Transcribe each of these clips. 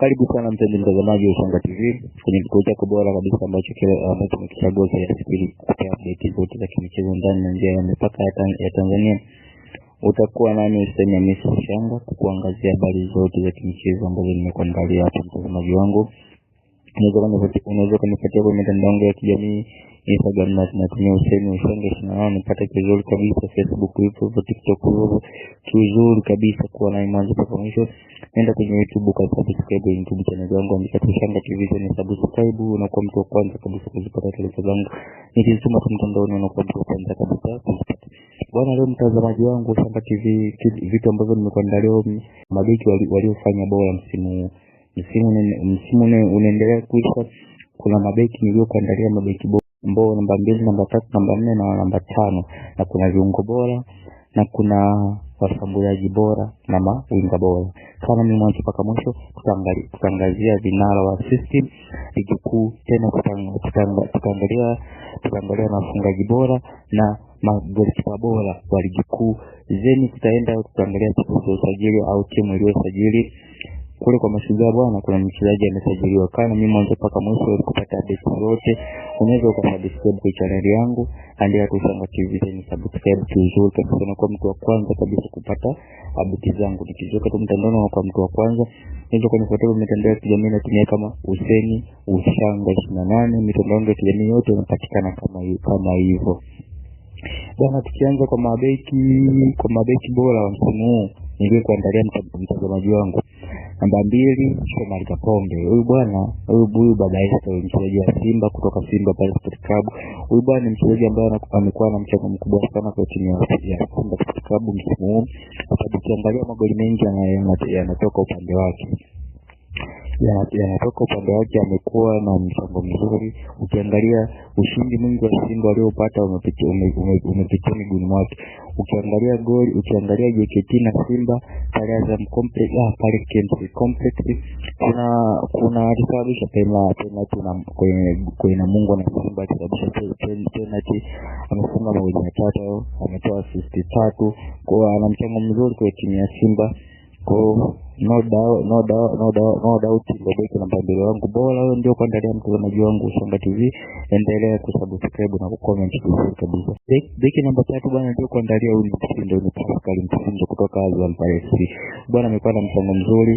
Karibu sana mpenzi mtazamaji wa Ushanga TV kwenye kituo chako bora kabisa ambacho kile uh, ambacho tumekichagua kile kipindi kupata update zote za kimichezo ndani na nje ya mipaka ya Tanzania. Utakuwa nami Hussein Hamisi Ushanga kukuangazia habari zote za kimichezo ambazo nimekuandalia hapo mtazamaji wangu unaweza kunifuatia kwenye mitandao yangu ya kijamii Instagram na tunatumia usemi ushenge tunao nipate kizuri kabisa. Facebook ipo hivyo, TikTok hivyo, kizuri kabisa kuwa na Imanzi Performance. Nenda kwenye YouTube ka subscribe YouTube channel yangu andika Tushanga TV kwenye subscribe, unakuwa mtu wa kwanza kabisa kuzipata taarifa zangu nikizituma tu mtandaoni, unakuwa mtu wa kwanza kabisa kuzipata. Bwana, leo mtazamaji wangu Shanga TV, vitu ambavyo nimekuandalia um, mabeki waliofanya bora msimu huu msimu msimu unaendelea kuisha, kuna mabeki niliyokuandalia mabeki bora namba mbili, namba tatu, namba nne na namba tano, na kuna viungo bora na kuna washambuliaji bora na mawinga bora. Kama mi mwanzo mpaka mwisho, tutaangazia vinara wa system ligi kuu, tena tutaangalia tutaangalia na wafungaji bora na magolikipa bora wa ligi kuu, zeni tutaenda tutaangalia tuusajili au timu iliyosajili kule kwa mashujaa bwana, kuna mchezaji amesajiliwa kana mimi mwanzo mpaka mwisho, ili kupata updates zote unaweza ukasubscribe kwa channel yangu andika Kusanga TV, then subscribe kizuke, kwa kuwa mtu wa kwanza kabisa kupata updates zangu. nikizoka tu mtandaoni kwa mtu wa kwanza, unaweza kunifuatilia kwa mitandao ya kijamii natumia kama Useni Ushanga 28 mitandao ya kijamii yote inapatikana kama kama hivyo bwana. Tukianza kwa mabeki kwa mabeki bora wa msimu huu nilikuandalia mtazamaji wangu Namba mbili Shomari Kapombe, huyu bwana huyu Badaista, mchezaji wa Simba kutoka Simba pale Sport Club. Huyu bwana ni mchezaji ambaye amekuwa na mchango mkubwa sana kwa timu ya Simba Sport Club msimu huu, kwa sababu ukiangalia magoli mengi yanatoka upande wake yanatoka upande wake, amekuwa na mchango mzuri. Ukiangalia ushindi mwingi wa Simba aliopata umepitia miguni ume, mwake. Ukiangalia goli, ukiangalia JKT na Simba pale Azam Complex, ah, pale KMC Complex kuna kuna alisababisha penalty na kwenye na Simba alisababisha penalty, amefunga mawili matatu, ametoa assist tatu, kwa ana mchango mzuri kwa timu ya Simba. Kwa hiyo no doubt, no doubt, no doubt, no doubt ndio namba mbili wangu bora. Wewe ndio kuendelea mtazamaji wangu Shanga TV, endelea kusubscribe na kucomment vizuri kabisa. Beki namba tatu bwana ndio kuandalia huyu mtindo ni Pascal mtindo kutoka Azam FC. Bwana amekuwa na mchango mzuri,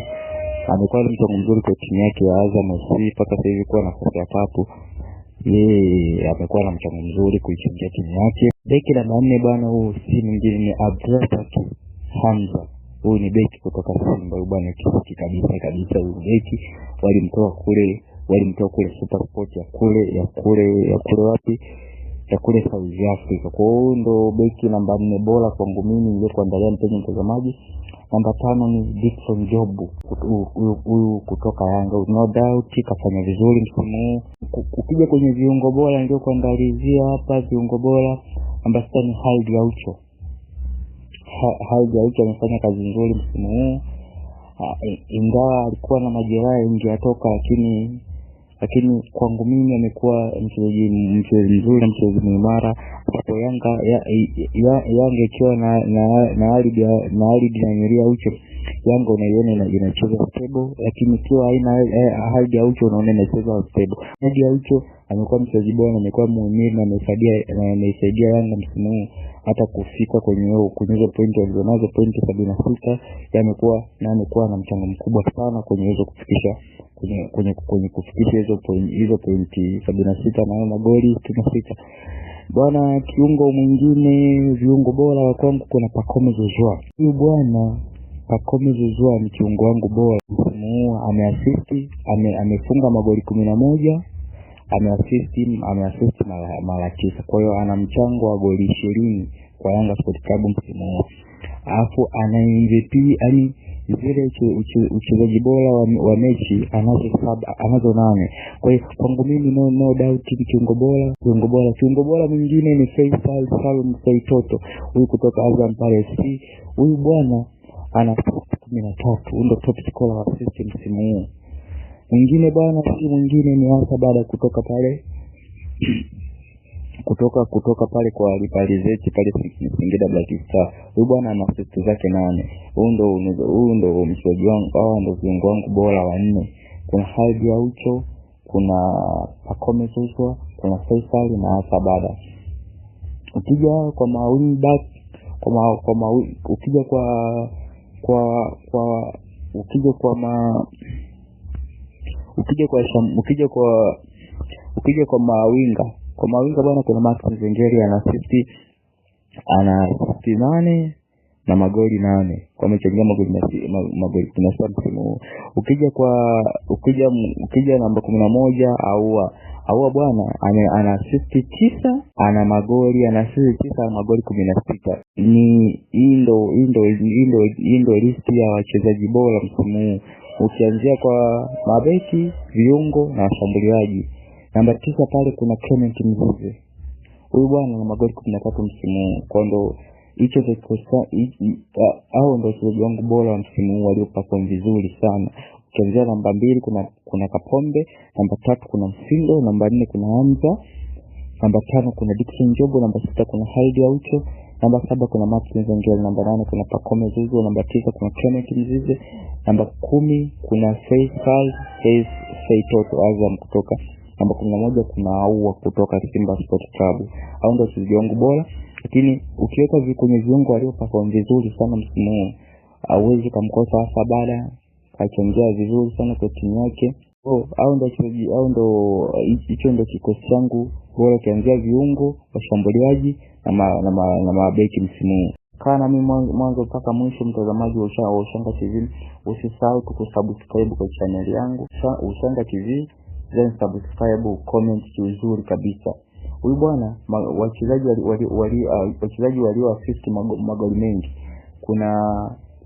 amekuwa na mchango mzuri kwa timu yake ya Azam FC mpaka sasa hivi kwa nafasi ya tatu yeye amekuwa na mchango mzuri kuichangia timu yake. Beki namba nne bwana, huyu si mwingine ni Abdulrazak Hamza huyu ni beki kutoka Simba huyu bwana kiki kabisa kabisa, huyu beki walimtoa kule, walimtoa kule Super Sport ya kule ya kule ya kule wapi ya kule South Africa. Kwa hiyo ndo beki namba nne bora kwangu mimi niliyokuandalia mpenzi mtazamaji. Namba tano ni Dickson Job, huyu kutoka Yanga, no doubt kafanya vizuri msimu huu. Ukija kwenye viungo bora niliyokuandalizia hapa viungo bora, namba sita ni Haidi gaucho Haijaiki amefanya kazi nzuri msimu huu, ah, ingawa alikuwa na majeraha yatoka lakini lakini kwangu mimi amekuwa mchezaji mchezaji mzuri na mchezaji muimara ambapo Yanga Yanga ikiwa na na aridi na nyeria Aucho, Yanga unaiona inacheza stable, lakini ikiwa haina eh, ya Aucho unaona inacheza stable. ya Aucho amekuwa mchezaji bora, na amekuwa muhimu na amesaidia na ameisaidia Yanga msimu huu hata kufika kwenye kwenye hizo pointi walizonazo pointi sabini na sita yamekuwa na amekuwa na mchango mkubwa sana kwenye hizo kufikisha kwenye kwenye kwenye kufikisha hizo pointi hizo pointi sabini na sita na magoli sitini na sita bwana. Kiungo mwingine viungo bora wa kwangu kuna Pacome zozoa huyu bwana Pacome zozoa ni kiungo wangu bora msimu huu, ameasisti amefunga magoli kumi na moja ameasisti ameasisti mara tisa, kwa hiyo ana mchango wa goli ishirini kwa Yanga Sports Club msimu huu, alafu ana MVP yani zile uchezaji bora wa, wa mechi anazo saba anazo nane. Kwa hiyo kwangu mimi no, no doubt ni kiungo bora, kiungo bora, kiungo bora mwingine ni Faisal Salum Saitoto, huyu kutoka Azam pale sc huyu bwana ana kumi na tatu, ndio top wa sisi msimu huu mwingine bwana si mwingine ni hasa baada kutoka pale kutoka kutoka pale kwa Lipalizeti pale Singida Black Star. Huyu bwana ana assist zake nane. Huyu ndo huyu ndo mchezaji wangu, hawa ndo viungo wangu bora wanne. Kuna ya ucho kuna pakome Zouzoua, kuna faisali na hasa baada. Ukija kwa mawing back kwa ma, kwa ma, ukija kwa kwa kwa ukija kwa ma ukija kwa ukija kwa ukija kwa mawinga kwa mawinga bwana kuna max Zengeri ana 50 ana 68 na magoli nane wamechangia magoli magoli kumi na sita msimu huu. Ukija kwa ukija ukija namba kumi na moja aua aua bwana ana asisti tisa ana magoli ana asisti tisa ana magoli kumi na sita. Ni hii ndo hii ndo hii ndo listi ya wachezaji bora msimu huu ukianzia kwa mabeki, viungo na washambuliaji. Namba tisa pale kuna Clement Mzize, huyu bwana na magoli kumi na tatu msimu huu, kwao ndo hicho au ndo wachezaji wangu bora wa msimu huu waliopakwa vizuri sana. Ukianzia namba mbili kuna kuna Kapombe, namba tatu kuna Msindo, namba nne kuna Hamza, namba tano kuna dikson Jogo, namba sita kuna Haidi Aucho, namba saba kuna Martin namba nane kuna pakome Zouzoua, namba tisa kuna Clement Mzize, namba kumi kuna Faisal Azam kutoka namba kumi na moja kuna Aua kutoka Simba sport Club. au ndo wachezaji wangu bora, lakini ukiweka kwenye viungo walioperform vizuri sana msimu huu auwezi kumkosa hasa bada kachangia vizuri sana kwa timu yake. Oh, au ndo hicho ndo kikosi changu bora ukianzia viungo, washambuliaji na na mabeki msimu huu. Kaa nami mwanzo mpaka mwisho, mtazamaji wa Ushanga TV, usisahau tukusubscribe kwa chaneli yangu Ushanga TV, then subscribe, comment kiuzuri kabisa. Huyu bwana wachezaji uh, wachezaji walioasisti magoli mengi, kuna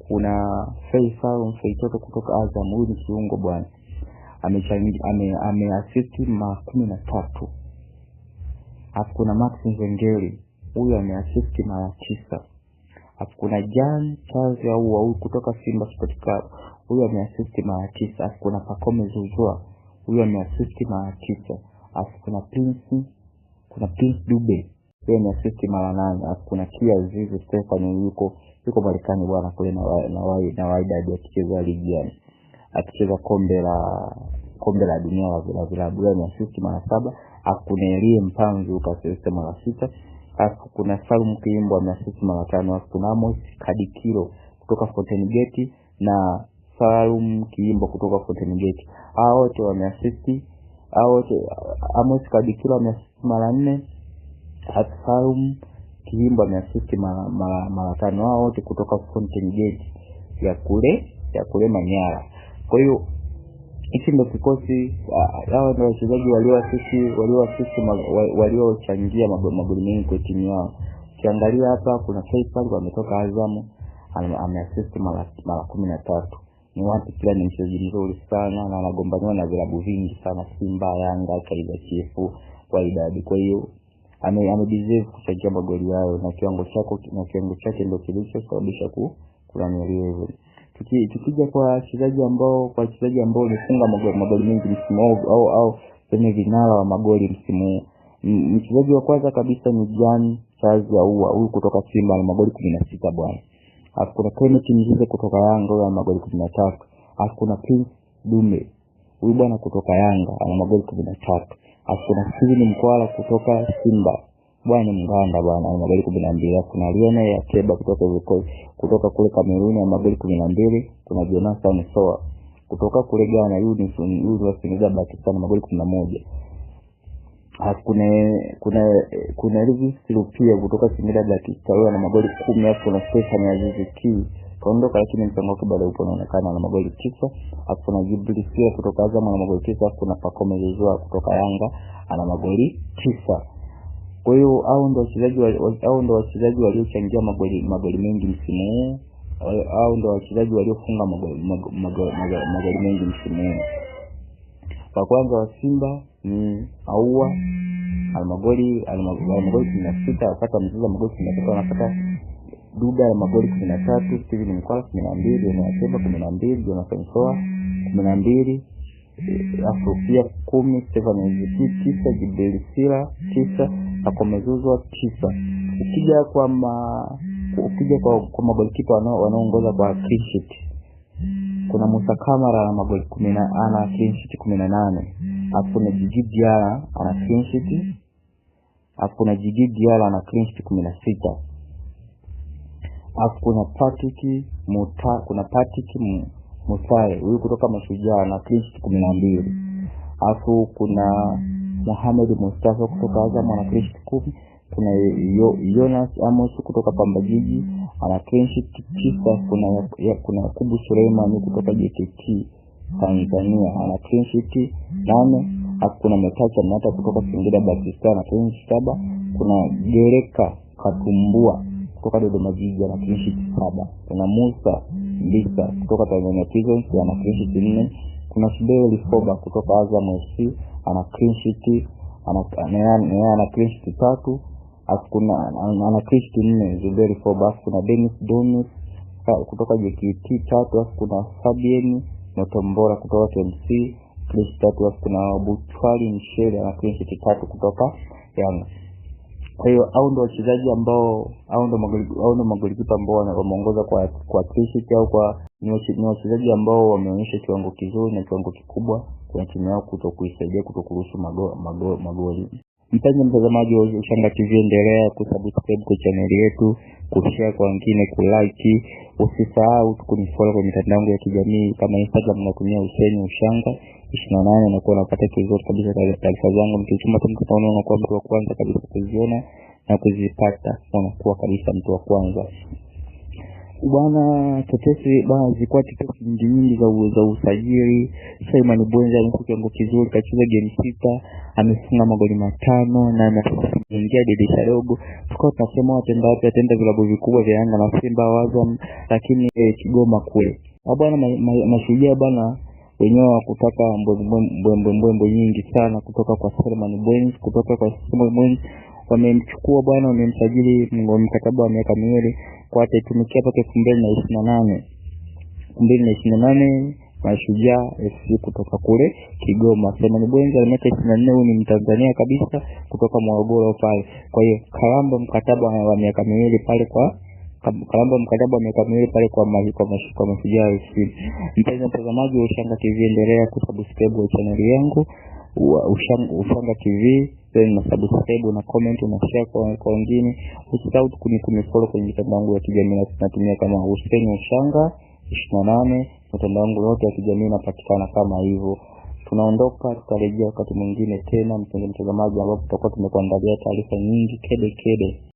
kuna Faisal Mfaitoto kutoka Azam. Huyu ni kiungo bwana, ameasisti ame, ame ma kumi na tatu alafu kuna Maxi Nzengeli huyu ameasisti mara tisa alafu kuna Jan Charles au huyu kutoka Simba Sports Club huyu ameasisti mara tisa alafu kuna Pacome Zouzoua huyu ameasisti mara tisa alafu kuna Prince kuna Prince Dube huyu ni asisti mara nane alafu kuna Kia Azizi Stefani yuko yuko Marekani bwana kule na na Wydad akicheza ligi yani akicheza kombe la kombe la dunia la vilabu yeye ni mara saba hakuna elie mpanzu kasese mara sita alafu kuna salum kiimbwa mia mara tano alafu kuna amos kadikilo kutoka fountain na salum kiimbwa kutoka fountain gate hao wote wameasisti aa wote amos kadikilo ameasisti mara nne alafu salum kiimbwa ameasisti mara mara tano aa wote kutoka fountain ya kule ya kule manyara kwa hiyo hiki ndo kikosi ah, hawa ndo wachezaji walioasisi walioasisi waliochangia magoli mengi kwa timu yao ukiangalia hapa kuna Faisal wametoka Azamu ameasisti mara mara kumi na tatu ni watu kila ni mchezaji mzuri sana na anagombaniwa na vilabu vingi sana Simba, Yanga, Kaizer Chiefs, idadi Kwa hiyo ame, ame kuchangia magoli yao na kiwango na kiwango chake ndio kilichosababisha ku hivyo tukija kwa wachezaji ambao kwa wachezaji ambao wamefunga magoli, magoli mengi msimu huu au au kwenye vinara wa magoli msimu huu, mchezaji wa kwanza kabisa ni jan Charles Ahoua, huyu kutoka Simba na magoli 16 bwana. Alafu kuna Kenneth Mzize kutoka Yanga huyu ana magoli 13. Alafu kuna Prince Dume huyu bwana kutoka Yanga ana magoli 13. Alafu kuna Steven Mkwala kutoka Simba Bwana Mganda bwana ana magoli kumi na mbili kuna Lionel Akeba kutoka Vikosi kutoka kule Kameruni ya magari kumi na mbili kuna Jonathan Soa kutoka kule Ghana Yunus Yunus Senegal Pakistan magoli kumi na moja kuna kuna kuna Elvis Lupia kutoka Senegal Pakistan ana magoli kumi alafu kuna Stefan Azizi Ki kaondoka lakini mchango wake bado upo unaonekana na magoli tisa. Alafu kuna Jibril kutoka Azam ana magoli tisa, alafu kuna Pacome kutoka Yanga ana magoli tisa. Kwa hiyo au ndo wachezaji au ndo wachezaji waliochangia magoli magoli mengi msimu huu, au ndo wachezaji waliofunga magoli mengi msimu huu. kwa kwanza wa Simba ni Aua almagoli almagoli kumi na sita wakati wamecheza magoli kumi na tatu wanapata Duda ya magoli kumi na tatu Steven Mkwala kumi na mbili Onaseba kumi na mbili Jonathan kumi na mbili eh, Afrofia kumi Steven tisa Jibril Sila tisa akomezuzwa tisa ukija kwa ma ukija kwa, kwa magolikipa wanaoongoza kwa clean sheet kuna Musa Kamara ana magoli kumi na ana clean sheet kumi na nane alafu kuna Djigui ana clean sheet alafu kuna Djigui diara ana clean sheet kumi na sita alafu kuna Patrick Muta kuna Patrick Musae huyu kutoka Mashujaa ana clean sheet kumi na mbili alafu kuna Mohamed Mustafa kutoka Azam mm. ana clean sheet kumi. Kuna Jonas Amos kutoka Pamba Jiji ana clean sheet tisa. Kuna kuna Yakubu suleimani kutoka JKT Tanzania ana clean sheet nane. Kuna Metacha Mata kutoka Singida Batista ana clean sheet saba. Kuna Gereka Katumbua kutoka Dodoma Jiji ana clean sheet saba. Kuna Musa Mbisa kutoka Tanzania Prisons ana clean sheet nne. Kuna Fidel Foba kutoka Azam FC ana clean sheet ana ana clean tatu alafu kuna ana clean nne Zuberi Foba, kuna Dennis Donis kutoka JKT tatu, alafu kuna Fabien Motombora kutoka tmc clean tatu, alafu kuna Butwali Michel ana clean tatu kutoka Yanga. Kwa hiyo au ndo wachezaji ambao au ndo au ndo magolikipa ambao wameongoza kwa kwa clean au kwa ni wachezaji ambao wameonyesha kiwango kizuri na kiwango kikubwa kwenye timu yao kuto kutokuruhusu magoli mago, mago. Mpenzi mtazamaji wa Ushanga TV, endelea kusubscribe kwa chaneli yetu, kushare kwa wengine, kulike. Usisahau kunifollow kwenye mitandao yangu ya kijamii kama Instagram, natumia Hussein Ushanga 28 na nane. Nakuwa napata kizuri kabisa taarifa zangu, nikichuma tu mtandaoni, unakuwa mtu wa kwanza kabisa kuziona na kuzipata, unakuwa kabisa mtu wa kwanza bwana tetesi bwana zilikuwa tetesi nyingi nyingi za za usajili Simon Bwenza alikuwa kiwango kizuri kacheza game sita amefunga magoli matano na ameingia dirisha dogo tukawa tunasema watenda wapi atenda vilabu vikubwa vya Yanga na Simba Azam lakini eh, Kigoma kule ah, bwana mashujaa bwana wenyewe wakutaka mbwembwembwembwe nyingi sana kutoka kwa Solomon Bwenz kutoka kwa Solomon Bwenz wamemchukua bwana wamemsajili mkataba wa miaka miwili kwa ataitumikia toka elfu mbili na ishirini na nane elfu mbili na ishirini na nane Mashujaa FC kutoka kule Kigoma. Simon Bwenza ana miaka ishirini na nne. Huyu ni Mtanzania kabisa kutoka Morogoro pale. Kwa hiyo Kalamba mkataba wa miaka miwili pale kwa Kalamba mkataba wa miaka miwili pale kwa kwa kwa Mashujaa FC. Mpenzi mtazamaji wa Ushanga TV, endelea kusubscribe channel yangu Ushanga TV then na subscribe na comment na share kwa, kwa wengine. Usisahau kunifollow kwenye mitandao yangu ya kijamii na tunatumia kama Hussein Ushanga 28 na nane. Mitandao yangu yote ya kijamii inapatikana kama hivyo. Tunaondoka, tutarejea wakati mwingine tena, mpenzi mtazamaji, ambapo tutakuwa tumekuandalia taarifa nyingi kede kede.